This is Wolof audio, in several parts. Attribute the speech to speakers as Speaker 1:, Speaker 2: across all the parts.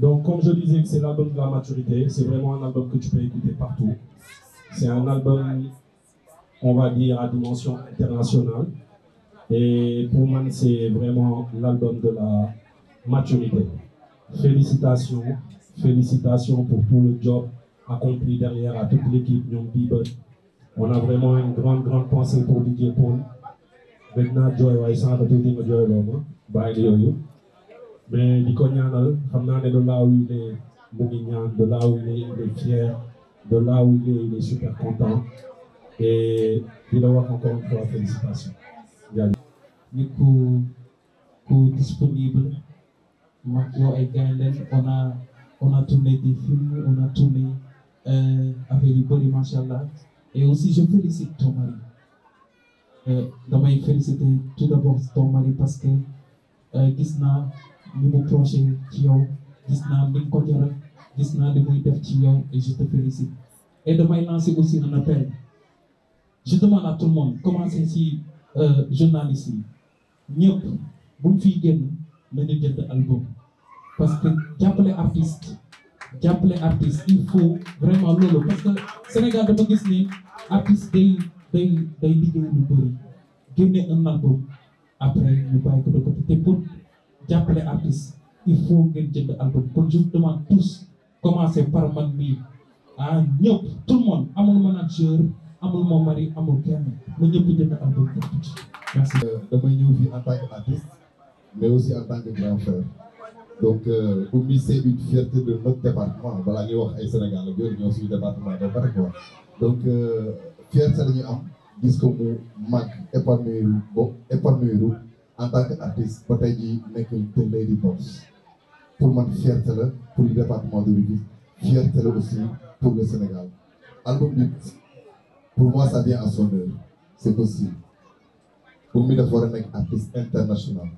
Speaker 1: Donc, comme je disais que c'est l'album de la maturité, c'est vraiment un album que tu peux écouter partout. C'est un album,
Speaker 2: on va dire, à dimension internationale. Et pour moi, c'est vraiment l'album de la maturité. Félicitations, félicitations pour tout le job accompli derrière à toute l'équipe Nyom On a vraiment une grande, grande pensée pour DJ Paul. Maintenant, Joy Waisan, tout le monde, Joy Loma. Bye, mais di ko ñaanal xam naa ne mu ngi ñaan de là où il est il est fier de là où il est il la wax encore une fois félicitations. ni ku ku disponible ma ko ay gars des films on a tourné euh, affaire yu bëri macha et aussi je félicite ton mari. Euh, damay féliciter tout d'abord ton parce que euh, gis naa. ni mu projet ci yow gis naa ni mu ko jaral gis naa ni muy def ci yow et je te félicite et damay lancer aussi un appel je demande à tout le monde commencer ci euh, journaliste yi ñëpp buñ fiy génn nañu jënd album parce que jàppale artiste jàppale artiste il faut vraiment loolu parce que Sénégal dafa gis ni artiste day day day liggéey lu bëri génne un album après ñu bàyyi ko te pour jàppale artiste il faut ngeen jënd album kon je vous demande tous commencez par man mii ah ñëpp tout le monde amul manager amul mon mari
Speaker 3: amul kenn na ñëpp jënd album ci merci. Euh, damay ñëw fii aa tant artiste mais aussi en tant que grand frère donc Oumy euh, c'est une de notre département balaa ñuy wax ay Sénégal ak yooyu ñoo suñu département doo ko wax donc euh, fierté la ñu am gis ko mu màgg en tant que artiste ba tey nekk te Lady Boss pour man fierté la pour le département de Rufisque fierté la aussi pour le Sénégal album bi pour moi ça vient à son heure c'est possible bu mi dafa war a nekk artiste international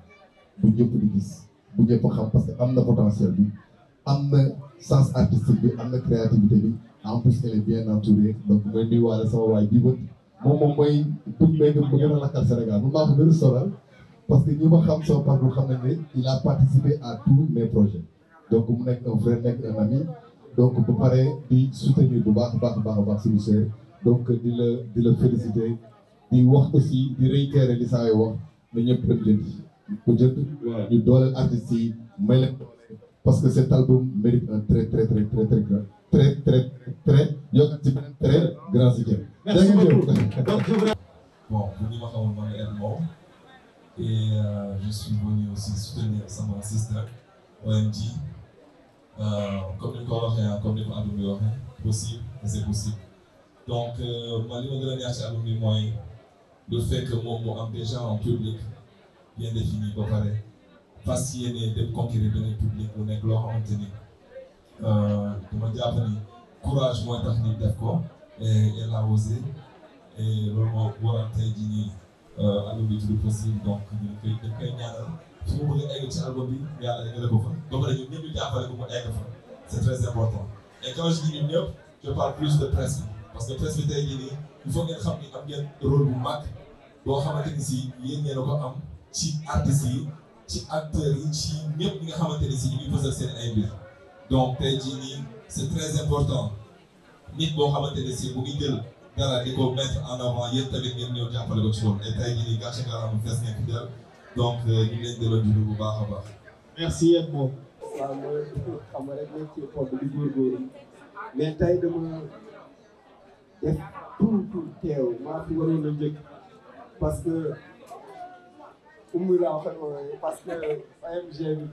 Speaker 3: bu ñëpp di gis bu ñëpp xam parce que am na potentiel bi am na sens artistique bi am na créativité bi en plus elle est bien entourée donc mooy nuyuwaale sama waay a lakkal Sénégal bu parce que ñi ma xam sama parcours xam ne il a participé à tous mes projets donc mu nekk un frère nekk un ami donc bu paree di soutenir bu baax a baax a baax suñu sœur donc di la di la féliciter di wax aussi di réitérer li saa wax na ñëpp dem jënd ko jënd. ñu dooleel artistes yi may leen parce que cet album mérite un très très très très très grand très très très yokk ci grand soutien. merci beaucoup donc
Speaker 1: bon bu ñu Et euh, je suis aussi soutenir sama sister OMG euh, comme ni ko waxee comme ni ko album bi waxee possible donc euh, man li ma gën a neex ci album bi mooy le mu am déjà public bien défini ba pare parce que yéen dem public bu nekk loo xamante ni euh, dama jàpp ni courage mooy tax ni def ko osé et loolu moo waral tey jii Euh, amin bi tudd possible donc ñu koy dañ koy ñaanal fi mu bëgg a egg ci album bi yàlla eggale ko fa ba pare ñun ñëpp ñu jàppale ko mu egg fa c' très important et quand je dis ñun ñëpp je plus de presse parce que presse bi tey jii nii il faut ngeen xam ni am ngeen rôle bu mag boo xamante ni si yéen ngeen ko am ci artistes yi ci acteurs yi ci ñëpp nga xamante ni si ñu ngi fësal seen ay mbir donc tey jii nii c' très important nit boo xamante ni si mu ngi jël. dara di ko mettre en avant yéen tamit ngeen ñëw jàppale ko ci loolu et tey jii nii gàcce garaam fees nekk fidèle euh, bu baax a baax.
Speaker 4: merci yéen moom. waaw mooy xam nga rek nekk ci parce que umu laa wax parce que AMG bi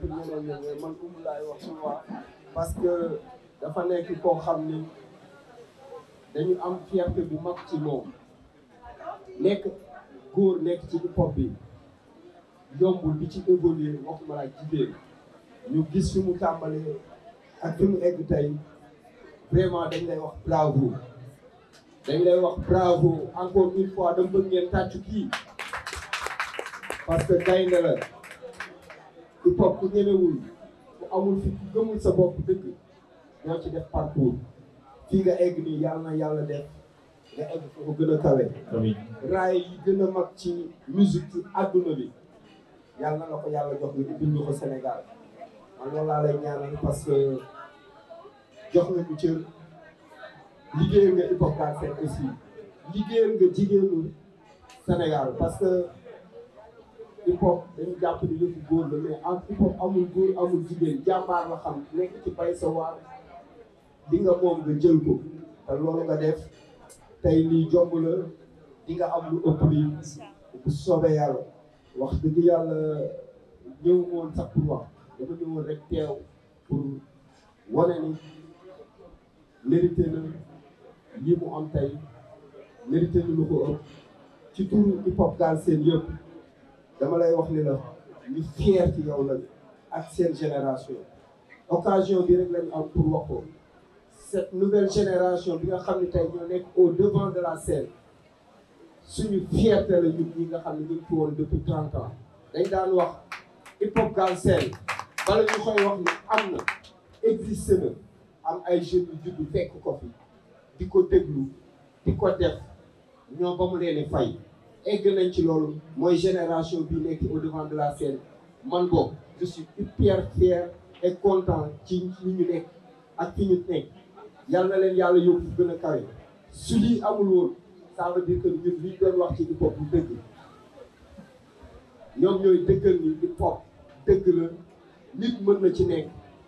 Speaker 4: dafa nekk koo xam ni. dañu am fierté bu mag ci moom nekk góor nekk ci hip-hop bi yombul bi ci évoluer waxuma laa jigéen ñu gis fi mu tàmbalee ak fi mu egg tey vraiment dañ lay wax bravo dañ lay wax bravo encore une fois dama bëgg ngeen tàccu kii parce que gaynde la hip-hop ku ñemewul ku amul fi ku gëmul sa bopp dëgg ñoo ci def parcours fii nga egg nii yàlla na yàlla def nga egg foofu gën a kawe raay yi gën mag ci musique ci àdduna bi yàlla na la ko yàlla jox nga ubbil ñu ko Sénégal man loolu laa lay ñaanal parce que jox nga ñu cër liggéeyal nga jigéenu Sénégal parce que hip hop dañu jàpp ni yëfu góor la mais en hip hop amul góor amul jigéen jàmbaar la xam nekk ci bay sa waar li nga moom nga jël ko te loolu nga def tey nii jomb la di nga am lu ëpp lii bu soobee yàlla wax dëgg yàlla ñëw woon sax pour wax dafa ñëwoon rek teew pour wane ni mérité na lii mu am tey mérité na lu ko ëpp ci turu hip hop Galsen yëpp dama lay wax ni la ñu fier ci yow la ak seen génération occasion bi rek lañ am pour wax ko cette nouvelle génération bi nga xam ne tey ñoo nekk au devant de la scène suñu fierté la ñun nga xam ne ñu ngi fi woon depuis trente ans dañ daan wax hip hop Galsen bala ñu koy wax ni am na existe na am ay jeunes yu juddu fekk ko fi di ko déglu di ko def ñoo ba mu leen fay egg nañ ci loolu mooy génération bi nekk au devant de la scène man boobu je suis hyper fier et ci ñu ñu nekk ak fi ñu nekk yal na leen yàlla yóbbu gën a kawe su lii amul woon ça veut dire que ñun liñ wax ci hip hop bu dëgg ñoom ñooy la nit mën na ci nekk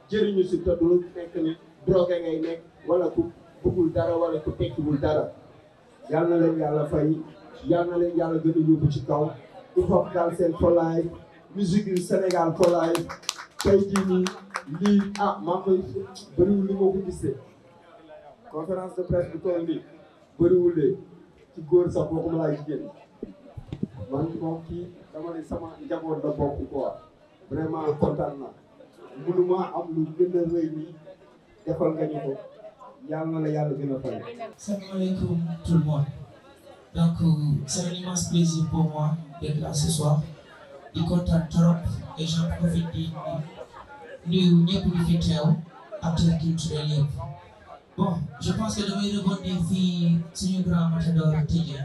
Speaker 4: jëriñu si te du nekk ni drogue ngay nekk wala ku bëggul dara wala ku tekkiwul dara yal leen yàlla fay yal na leen yàlla gën a yóbbu ci kaw hip hop daal seen folaay musique Sénégal folaay tey jii nii lii ah maa ngi bëriwul li ma ko gisee conférence de presse bu toll nii bëriwul de ci góor sax bokkuma laa jigéen man moom kii dama ne sama njaboot la bokk quoi vraiment kontaan na mënuma am lu gën a rëy nii defal nga ñu ko yàlla na la yàlla
Speaker 5: gën a fay. salaamaaleykum tout le monde donc c'est un immense plaisir pour moi d'être là ce soir di trop et j'en profite di nuyu fi teew acteurs culturels yëpp. bon je pense que damay rebondir fii suñu grand matador tëjee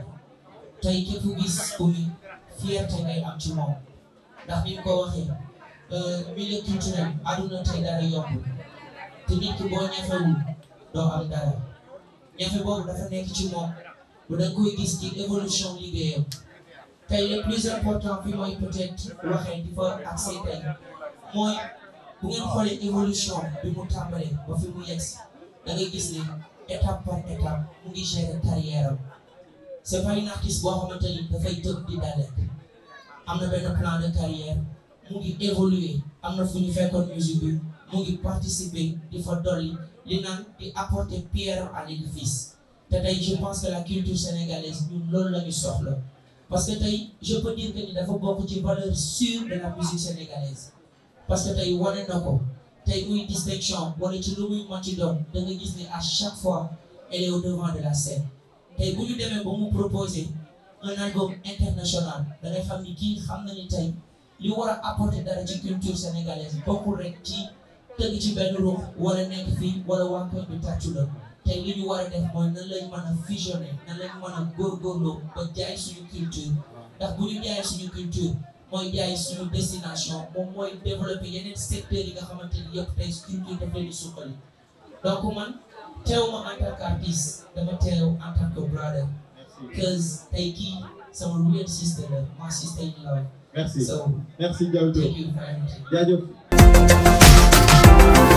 Speaker 5: tey képp ku gis Oumy fierté ngay am ci moom ndax ni ko waxee euh, milieu culturel aduna tey dara yomb te nit ki boo ñafewul doo am dara ñafe boobu dafa nekk ci moom bu da koy gis ci évolution liggéeyam tey le plus important fi mooy peut-être waxee di fa mooy bu ngeen xoolee évolution bi mu tàmbalee ba fi mu da ngay gis ni étape par étape mu ngi gérer carrière am c'est pas une artiste boo xamante dafay tëb di dalet am na benn plan de carrière mu ngi évoluer am na fu ñu fekkoon musique bi mu ngi participer di fa dolli li naan di apporter pierre à l'édifice te tey je pense que la culture sénégalaise ñun loolu la ñu soxla parce que tey je peux dafa bokk ci valeur sûre de la musique sénégalaise parce que tey wane na tey muy distinction wala ci lu muy manti doon da gis ni a chaque fois elle est au devant de la scène tey bu ñu ba mu proposer un album international da xam ni kii xam na ni li war a apporter dara ci culture sénégalaise bokkul rek ci tëgg ci benn ruux e nekk fii wala waa koñ bi tàccu la tey li ñu war a def mooy nan lañ mën a fusionner nan lañ mën a góorgóorloo ba jaay suñu culture ndax bu ñu jaayee suñu culture mooy jaay suñu destination moom mooy développé yeneen secteurs yi nga xamante ni yëpp tey structure daf leen di suqali donc man teewuma en tant qu'artiste dama teew en tant que brother cause tey kii sama real sister la ma sister in love merci so
Speaker 4: merci jaajëf jaajëf